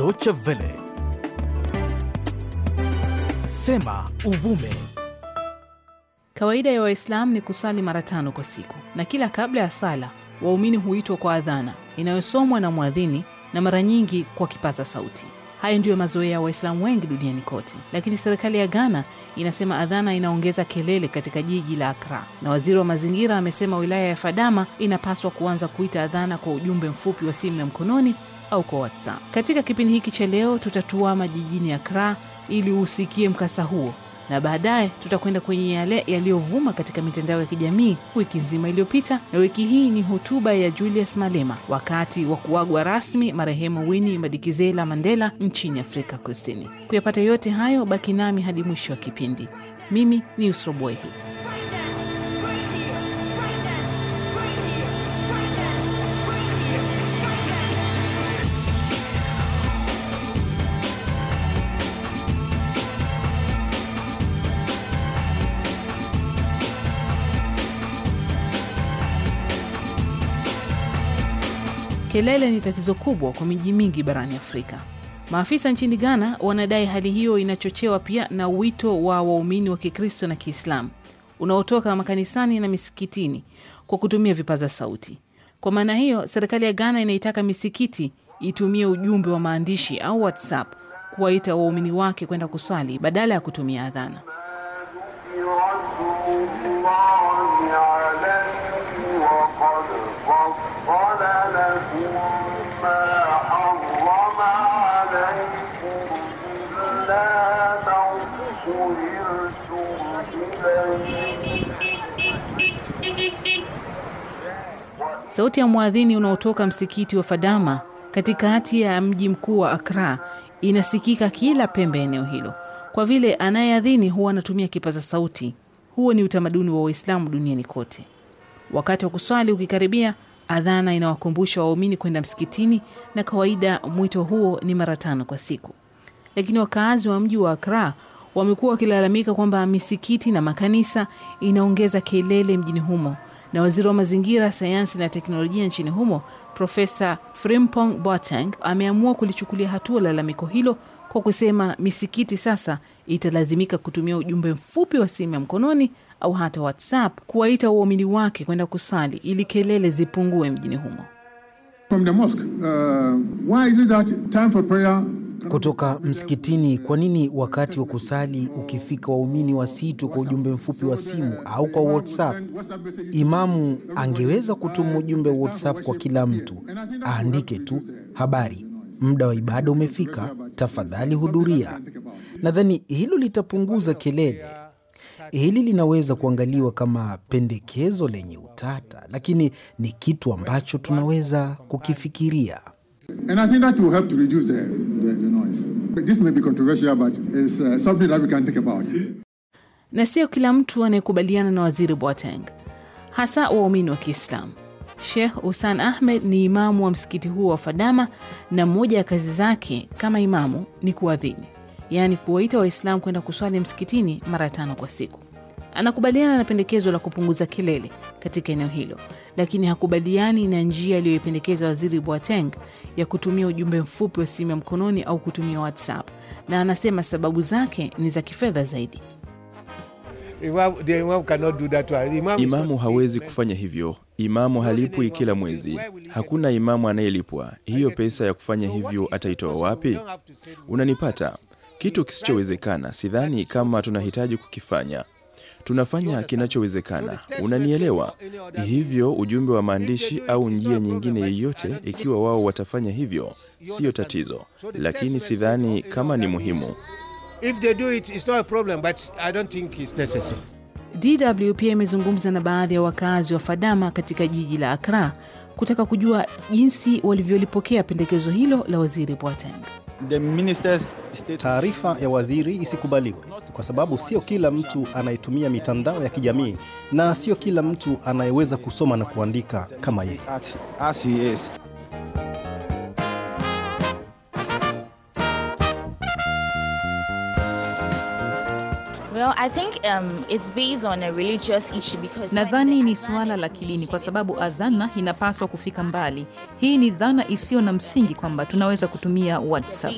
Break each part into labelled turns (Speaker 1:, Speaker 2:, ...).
Speaker 1: Deutsche Welle. Sema Uvume. Kawaida ya Waislamu ni kusali mara tano kwa siku, na kila kabla ya sala waumini huitwa kwa adhana inayosomwa na mwadhini na mara nyingi kwa kipaza sauti. Hayo ndiyo mazoea ya Waislamu wengi duniani kote, lakini serikali ya Ghana inasema adhana inaongeza kelele katika jiji la Accra, na waziri wa mazingira amesema wilaya ya Fadama inapaswa kuanza kuita adhana kwa ujumbe mfupi wa simu ya mkononi au kwa WhatsApp. Katika kipindi hiki cha leo, tutatuama jijini Akra ili usikie mkasa huo, na baadaye tutakwenda kwenye yale yaliyovuma katika mitandao ya kijamii wiki nzima iliyopita, na wiki hii ni hotuba ya Julius Malema wakati wa kuagwa rasmi marehemu Winnie Madikizela Mandela nchini Afrika Kusini. Kuyapata yote hayo, baki nami hadi mwisho wa kipindi. Mimi ni Usrobwehi. Kelele ni tatizo kubwa kwa miji mingi barani Afrika. Maafisa nchini Ghana wanadai hali hiyo inachochewa pia na wito wa waumini wa Kikristo na Kiislamu unaotoka makanisani na misikitini kwa kutumia vipaza sauti. Kwa maana hiyo, serikali ya Ghana inaitaka misikiti itumie ujumbe wa maandishi au WhatsApp kuwaita waumini wake kwenda kuswali badala ya kutumia adhana. Sauti ya mwadhini unaotoka msikiti wa Fadama katikati ya mji mkuu wa Accra inasikika kila pembe eneo hilo, kwa vile anayeadhini huwa anatumia kipaza sauti. Huo ni utamaduni wa Waislamu duniani kote. Wakati wa kuswali ukikaribia, adhana inawakumbusha waumini kwenda msikitini, na kawaida mwito huo ni mara tano kwa siku. Lakini wakaazi wa mji wa Accra wamekuwa wakilalamika kwamba misikiti na makanisa inaongeza kelele mjini humo na waziri wa mazingira, sayansi na teknolojia nchini humo Profesa Frimpong Boateng ameamua kulichukulia hatua lalamiko hilo kwa kusema misikiti sasa italazimika kutumia ujumbe mfupi wa simu ya mkononi au hata WhatsApp kuwaita waumini wake kwenda kusali ili kelele zipungue mjini humo. From the mosque, uh, why is it that time for prayer kutoka msikitini. Kwa nini wakati wa kusali ukifika, waumini wasiitwe kwa ujumbe mfupi wa simu au kwa WhatsApp? Imamu angeweza kutuma ujumbe WhatsApp kwa kila mtu, aandike tu habari, muda wa ibada umefika, tafadhali hudhuria. Nadhani hilo litapunguza kelele. Hili linaweza kuangaliwa kama pendekezo lenye utata, lakini ni kitu ambacho tunaweza kukifikiria. And I think that will help to reduce the, the, the Africans. This may be controversial, but it's uh, something that we can think about. Na sio kila mtu anayekubaliana na Waziri Boateng, hasa waumini wa Kiislamu. Sheikh usan Ahmed ni imamu wa msikiti huo wa Fadama na moja ya kazi zake kama imamu ni kuadhini, yaani kuwaita Waislamu kwenda kuswali msikitini mara tano kwa siku. Anakubaliana na pendekezo la kupunguza kelele katika eneo hilo, lakini hakubaliani na njia aliyoipendekeza Waziri Boateng ya kutumia ujumbe mfupi wa simu ya mkononi au kutumia WhatsApp, na anasema sababu zake ni za kifedha zaidi. Imamu hawezi kufanya hivyo. Imamu halipwi kila mwezi, hakuna imamu anayelipwa. Hiyo pesa ya kufanya hivyo ataitoa wapi? Unanipata? Kitu kisichowezekana. Sidhani kama tunahitaji kukifanya. Tunafanya kinachowezekana, unanielewa? Hivyo ujumbe wa maandishi au njia nyingine yoyote, ikiwa wao watafanya hivyo, siyo tatizo, lakini sidhani kama ni muhimu. DW pia imezungumza na baadhi ya wakazi wa Fadama katika jiji la Akra kutaka kujua jinsi walivyolipokea pendekezo hilo la Waziri Boateng. Taarifa ya waziri isikubaliwe kwa sababu sio kila mtu anayetumia mitandao ya kijamii na sio kila mtu anayeweza kusoma na kuandika kama yeye. Um, Nadhani ni suala la kidini, kwa sababu adhana inapaswa kufika mbali. Hii ni dhana isiyo na msingi kwamba tunaweza kutumia WhatsApp.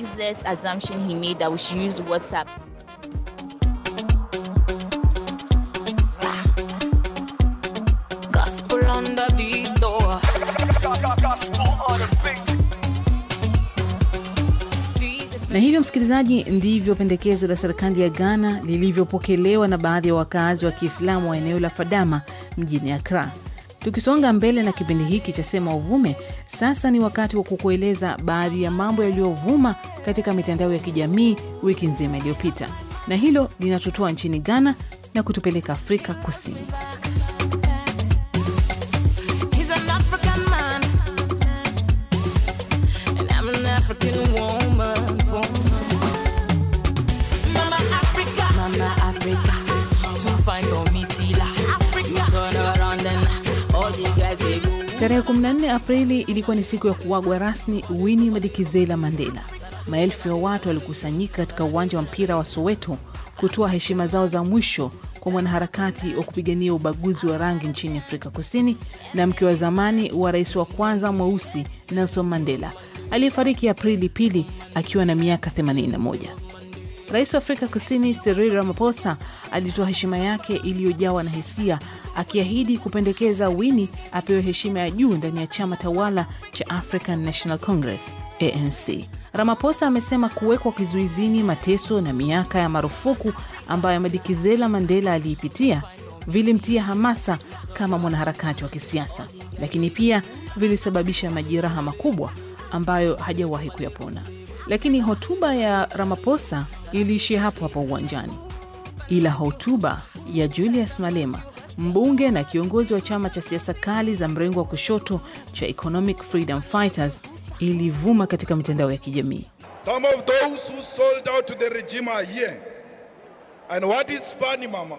Speaker 1: hivyo msikilizaji, ndivyo pendekezo la serikali ya Ghana lilivyopokelewa na baadhi ya wakazi wa Kiislamu wa eneo la Fadama mjini akra Tukisonga mbele na kipindi hiki cha Sema Uvume, sasa ni wakati wa kukueleza baadhi ya mambo yaliyovuma katika mitandao ya kijamii wiki nzima iliyopita, na hilo linatutoa nchini Ghana na kutupeleka Afrika Kusini. He's an Tarehe 14 Aprili ilikuwa ni siku ya kuagwa rasmi wini Madikizela Mandela. Maelfu ya watu walikusanyika katika uwanja wa mpira wa Soweto kutoa heshima zao za mwisho kwa mwanaharakati wa kupigania ubaguzi wa rangi nchini Afrika Kusini na mke wa zamani wa rais wa kwanza mweusi Nelson Mandela aliyefariki Aprili pili akiwa na miaka 81. Rais wa Afrika Kusini Cyril Ramaphosa alitoa heshima yake iliyojawa na hisia, akiahidi kupendekeza Wini apewe heshima ya juu ndani ya chama tawala cha African National Congress ANC. Ramaphosa amesema kuwekwa kizuizini, mateso na miaka ya marufuku ambayo Madikizela Mandela aliipitia vilimtia hamasa kama mwanaharakati wa kisiasa, lakini pia vilisababisha majeraha makubwa ambayo hajawahi kuyapona. Lakini hotuba ya Ramaphosa iliishia hapo hapo uwanjani, ila hotuba ya Julius Malema, mbunge na kiongozi wa chama cha siasa kali za mrengo wa kushoto cha Economic Freedom Fighters, ilivuma katika mitandao ya kijamii. Some of those who sold out to the regime are here. And what is funny mama?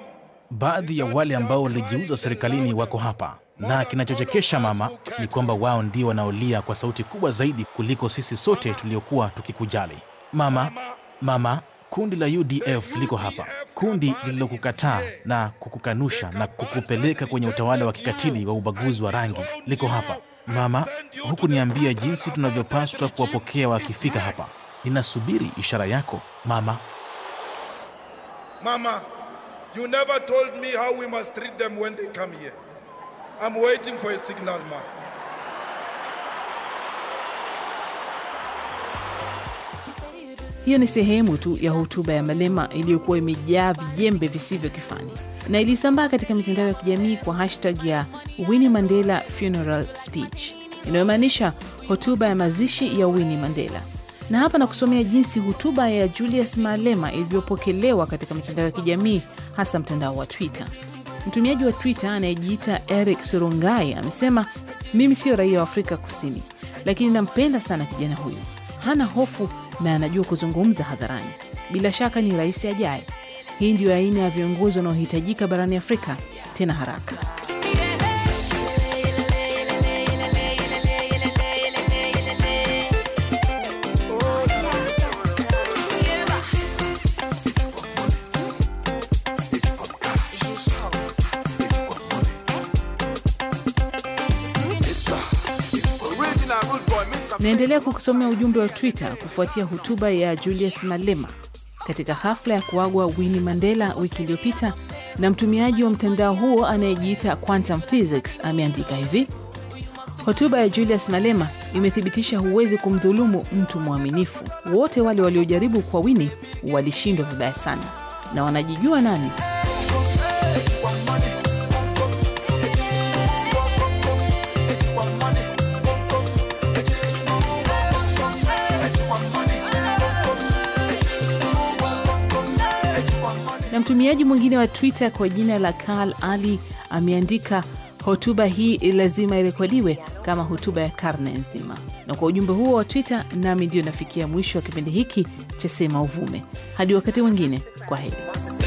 Speaker 1: Baadhi ya wale ambao walijiuza serikalini wako hapa, na kinachochekesha mama ni kwamba wao ndio wanaolia kwa sauti kubwa zaidi kuliko sisi sote tuliokuwa tukikujali. Mama, mama, Kundi la UDF liko hapa, kundi lililokukataa na kukukanusha na kukupeleka kwenye utawala wa kikatili wa ubaguzi wa rangi liko hapa mama. Huku niambia jinsi tunavyopaswa kuwapokea wakifika hapa. Ninasubiri ishara yako mama. Mama, you never told me how we must treat them when they come here. I'm waiting for a signal, ma. Hiyo ni sehemu tu ya hotuba ya Malema iliyokuwa imejaa vijembe visivyo kifani na ilisambaa katika mitandao ya kijamii kwa hashtag ya Winnie Mandela Funeral Speech inayomaanisha hotuba ya mazishi ya Winnie Mandela. Na hapa na kusomea jinsi hotuba ya Julius Malema ilivyopokelewa katika mitandao ya kijamii hasa mtandao wa Twitter. Mtumiaji wa Twitter anayejiita Eric Sorongai amesema, mimi siyo raia wa Afrika Kusini, lakini nampenda sana kijana huyu, hana hofu na anajua kuzungumza hadharani. Bila shaka ni rais ajaye. Hii ndiyo aina ya viongozi wanaohitajika barani Afrika, tena haraka. Naendelea kukusomea ujumbe wa Twitter kufuatia hotuba ya Julius Malema katika hafla ya kuagwa Winnie Mandela wiki iliyopita, na mtumiaji wa mtandao huo anayejiita Quantum Physics ameandika hivi: hotuba ya Julius Malema imethibitisha huwezi kumdhulumu mtu mwaminifu. Wote wale waliojaribu kwa Winnie walishindwa vibaya sana, na wanajijua nani Na mtumiaji mwingine wa Twitter kwa jina la Karl Ali ameandika hotuba hii lazima irekodiwe kama hotuba ya karne nzima. Na kwa ujumbe huo wa Twitter, nami ndio nafikia mwisho wa kipindi hiki cha Sema Uvume. Hadi wakati mwingine, kwa heri.